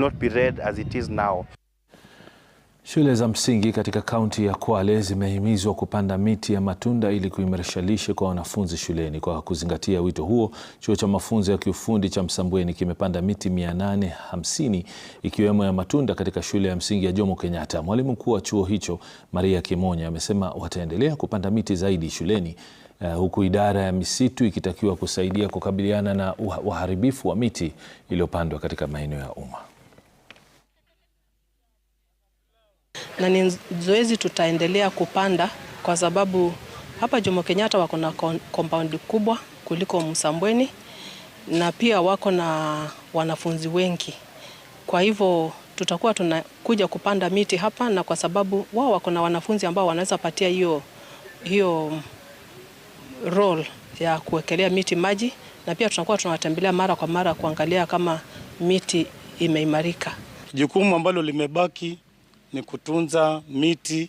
not be read as it is now. Shule za msingi katika kaunti ya Kwale zimehimizwa kupanda miti ya matunda ili kuimarisha lishe kwa wanafunzi shuleni. Kwa kuzingatia wito huo, chuo cha mafunzo ya kiufundi cha Msambweni kimepanda miti 850 ikiwemo ya matunda katika shule ya msingi ya Jomo Kenyatta. Mwalimu mkuu wa chuo hicho Maria Kimonya amesema wataendelea kupanda miti zaidi shuleni, uh, huku idara ya misitu ikitakiwa kusaidia kukabiliana na uharibifu wa miti iliyopandwa katika maeneo ya umma. na ni zoezi tutaendelea kupanda kwa sababu hapa Jomo Kenyatta wako na compound kubwa kuliko Msambweni na pia wako na wanafunzi wengi. Kwa hivyo tutakuwa tunakuja kupanda miti hapa, na kwa sababu wao wako na wanafunzi ambao wanaweza patia hiyo hiyo role ya kuwekelea miti maji, na pia tunakuwa tunawatembelea mara kwa mara kuangalia kama miti imeimarika. Jukumu ambalo limebaki ni kutunza miti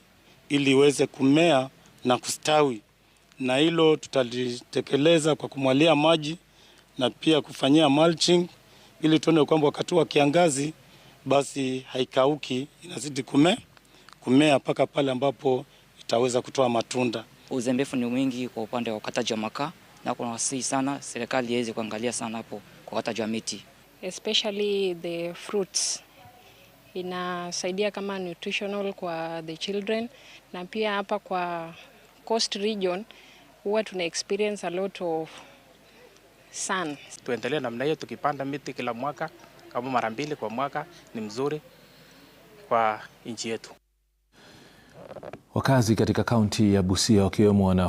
ili iweze kumea na kustawi, na hilo tutalitekeleza kwa kumwalia maji na pia kufanyia mulching ili tuone kwamba wakati wa kiangazi basi haikauki, inazidi kumea kumea mpaka pale ambapo itaweza kutoa matunda. Uzembefu ni mwingi kwa upande wa ukataji wa makaa, na kuna wasihi sana serikali iweze kuangalia sana hapo kwa ukataji wa miti especially the fruits inasaidia kama nutritional kwa the children, na pia hapa kwa coast region huwa tuna experience a lot of sun. Tuendelee namna hiyo, tukipanda miti kila mwaka kama mara mbili kwa mwaka, ni mzuri kwa nchi yetu. Wakazi katika kaunti ya Busia wakiwemo wana